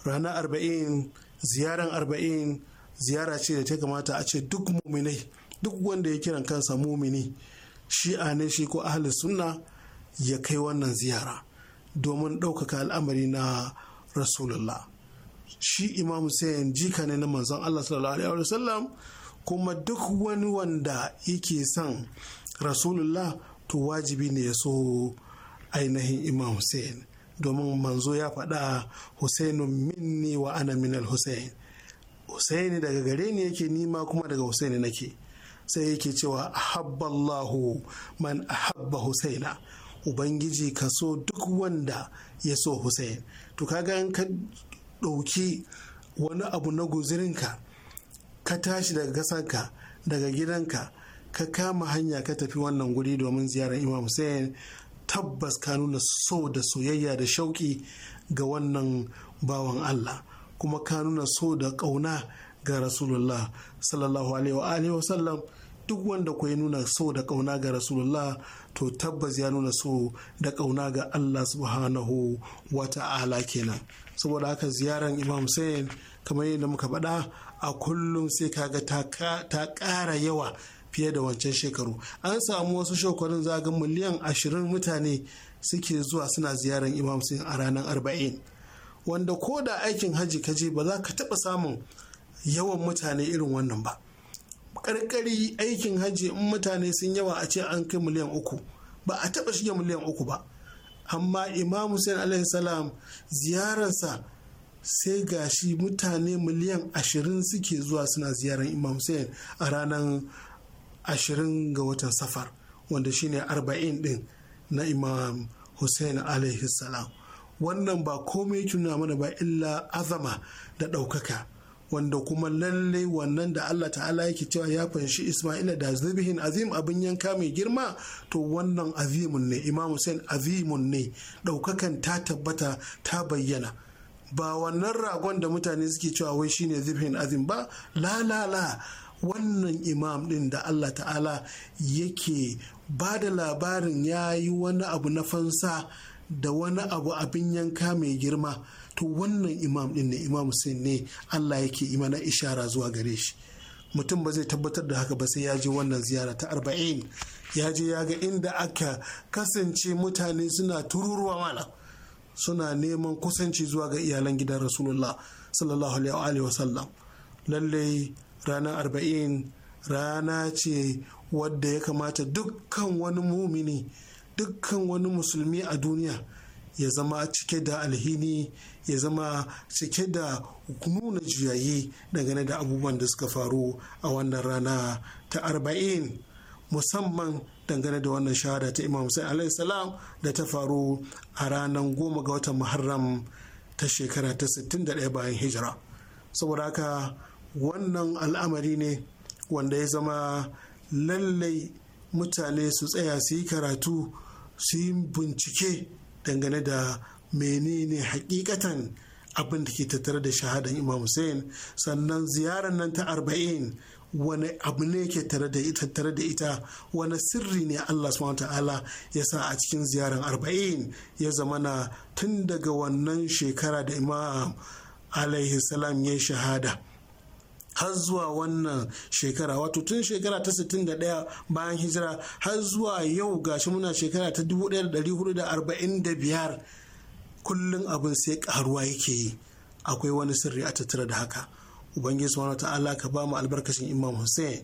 Rana arba'in ziyaran arba'in ziyara ce da ta kamata a ce duk muminai duk wanda ya kiran kansa mumini shi'a ne shi ko ahli sunna ya kai wannan ziyara domin ɗaukaka al'amari na rasulullah shi imam hussein jika ne na manzon allah sallallahu alaihi wasallam kuma duk wani wanda yake son rasulullah to wajibi ne ya so ainihin imam hussein domin manzo ya faɗa husainu minni wa ana minal husain husaini daga gare ni yake nima kuma daga husaini nake sai yake cewa ahabballahu man ahabba husaina ubangiji ka so duk wanda ya so Hussein to kaga in ka ɗauki wani abu na guzirinka ka tashi daga ƙasarka daga gidanka ka kama hanya ka tafi wannan guri domin ziyarar imam Hussein tabbas ka nuna so da soyayya da shauƙi ga wannan bawan Allah kuma ka nuna so da ƙauna ga rasulullah sallallahu alaihi wa sallam duk wanda ku ya nuna so da kauna ga rasulullah to tabbas ya nuna so da kauna ga allah subhanahu wa ta'ala kenan saboda haka ziyarar imam hussein kamar yadda muka faɗa a kullum sai kaga ta ƙara yawa fiye da wancan shekaru an samu wasu shekarun zaga miliyan ashirin mutane suke zuwa suna ziyarar imam hussein a ranar arba'in wanda ko da aikin hajji kaje ba za ka taɓa samun yawan mutane irin wannan ba karkari aikin hajji in mutane sun yawa a ce an kai miliyan uku ba a taɓa shige miliyan uku ba amma imam hussein alaihi salam ziyararsa sai gashi mutane miliyan ashirin suke zuwa suna ziyarar imam hussein a ranar ashirin ga watan safar wanda shine arba'in din na imam hussein alaihi salam wannan ba komai tuna mana ba illa azama da ɗaukaka wanda kuma lalle wannan da Allah ta'ala yake cewa ya fanshi Isma'ila da zubihin azim abin yanka mai girma to wannan azimun ne Imam Hussein azimun ne daukakan ta tabbata ta bayyana ba wannan ragon da mutane suke cewa wai shine zubihin azim ba la la la wannan imam din da Allah ta'ala yake ba da labarin ya yi wani abu na fansa da wani abu abin yanka mai girma to wannan imam din ne imam Hussein ne Allah yake mana ishara zuwa gare shi mutum ba zai tabbatar da haka ba sai ya je wannan ziyara ta arba'in ya je ya ga inda aka kasance mutane suna tururuwa mana suna neman kusanci zuwa ga iyalan gidan rasulullah sallallahu alaihi sallam lallai ranar arba'in rana ce wadda ya kamata dukkan wani mumini dukkan wani musulmi a duniya ya zama cike da alhini ya zama cike da nuna juyayi dangane da abubuwan da suka faru a wannan rana ta arba'in musamman dangane da wannan shahada ta imam sai alaihi salam da ta faru a ranar goma ga watan muharram ta shekara ta 61 bayan hijira saboda haka wannan al'amari ne wanda ya zama lallai mutane su tsaya su yi karatu su yi bincike dangane da menene hakikatan abin da ke tattare da shahadan imam hussein sannan ziyarar nan ta arba'in wani abu ne ke tattare da ita wani sirri ne allah subhanahu ta'ala ya sa a cikin ziyarar arba'in ya zamana tun daga wannan shekara da imam alaihi salam ya shahada har zuwa wannan shekara wato tun shekara ta 61 bayan hijira har zuwa yau gashi muna shekara ta 1445 kullum abin sai karuwa yake yi akwai wani sirri a tattara da haka ubangiji subhanahu ta'ala ka ba mu albarkacin imam hussein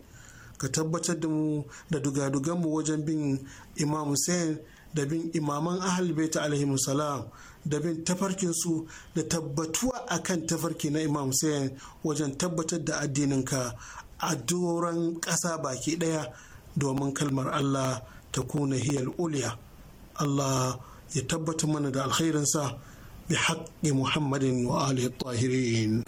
ka tabbatar da mu da dugadugan mu wajen bin imam hussein da bin imaman ahal baita alaihi salam da bin tafarkin su da tabbatuwa akan tafarki na imam hussein wajen tabbatar da addininka a doron ƙasa baki ɗaya domin kalmar allah ta kuna hiyal uliya allah ya tabbatar mana da alkhairinsa bi haƙƙi muhammadin wa alihi tahirin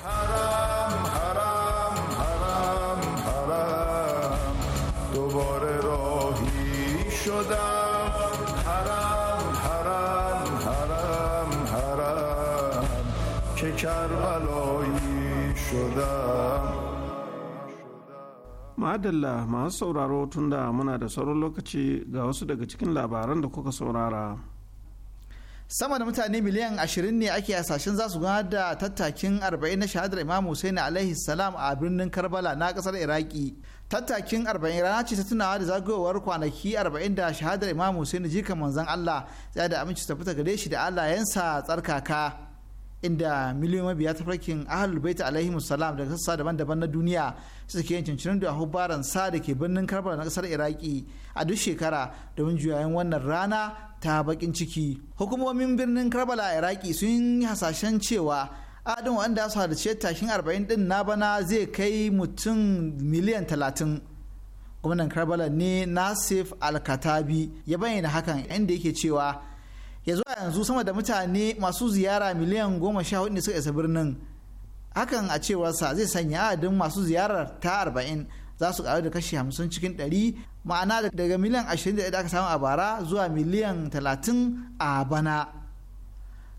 madalla masu sauraro tunda muna da sauran lokaci ga wasu daga cikin labaran da kuka saurara sama da mutane miliyan 20 ne ake hasashen za su gana da tattakin 40 na shahadar imam hussein alaihi salam a birnin karbala na kasar iraki tattakin 40 rana ce ta tunawa da zagayowar kwanaki 40 da shahadar imam hussein jikan manzon allah tsaya da aminci ta fita gare shi da allah yansa tsarkaka inda miliyoyin mabiya tafarkin ahlul baita alaihi musallam daga sassa daban-daban na duniya suke yin cincirin da baran sa da ke birnin karbala na kasar iraki a duk shekara domin juyayen wannan rana ta bakin ciki hukumomin birnin karbala a iraki sun yi hasashen cewa adin wanda su halarci tashin arba'in din na bana zai kai mutum miliyan talatin gwamnan karbala ne nasif alkatabi ya bayyana hakan inda yake cewa ya zuwa yanzu sama da mutane masu ziyara miliyan goma sha hudu ne suka isa birnin hakan a cewarsa zai sanya adadin masu ziyarar ta arba'in za su karu da kashi hamsin cikin ɗari ma'ana daga miliyan ashirin da aka samu a bara zuwa miliyan talatin a bana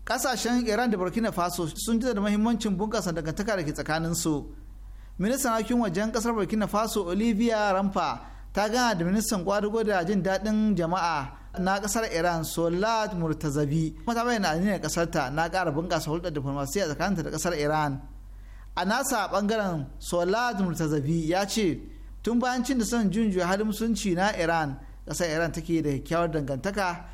kasashen iran da burkina faso sun ji da mahimmancin bunƙasa dangantaka da ke tsakanin su ministan harkokin wajen kasar burkina faso olivia rampa ta gana da ministan kwadugo da jin daɗin jama'a na kasar iran solad murtazabi kuma ta bayyana kasar ta na kara bunkasa hulɗar tsakanin tsakaninta da kasar iran a nasa ɓangaren solad murtazabi ya ce tun bayan cin da son junjuya halin musulunci na iran kasar iran take da kyakkyawar dangantaka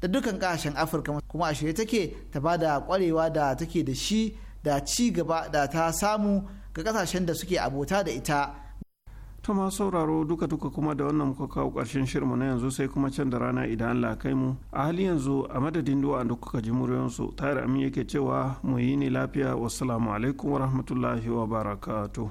da dukkan kasashen afirka kuma a shirye take ta ba da kwarewa da take da shi da ci gaba da ta samu ga kasashen da suke abota da ita ta ma sauraro duka duka kuma da wannan muka kawo ƙarshen shirmu na yanzu sai kuma can da rana idan Allah kai mu a hali yanzu a madadin duwa da kuka ji muryoyinsu tare amin yake cewa mu yi ni lafiya wasu alaikum wa barakatu